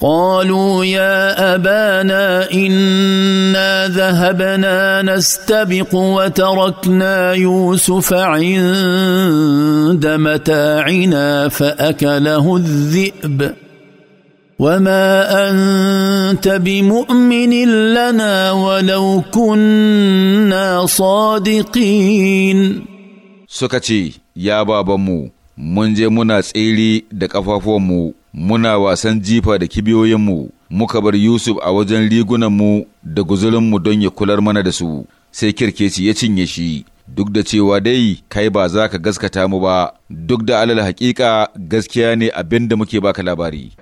قالوا يا ابانا انا ذهبنا نستبق وتركنا يوسف عند متاعنا فاكله الذئب وما انت بمؤمن لنا ولو كنا صادقين سكتي يا بابا مو منجي مناس تسيلي دك مو muna wasan jifa da kibiyoyinmu, muka bar Yusuf a wajen rigunanmu da guzurinmu don ya kular mana da su, sai kirkeci ya cinye shi, duk da cewa dai kai ba za ka gaskata mu ba, duk da alal hakika gaskiya ne abin da muke baka labari.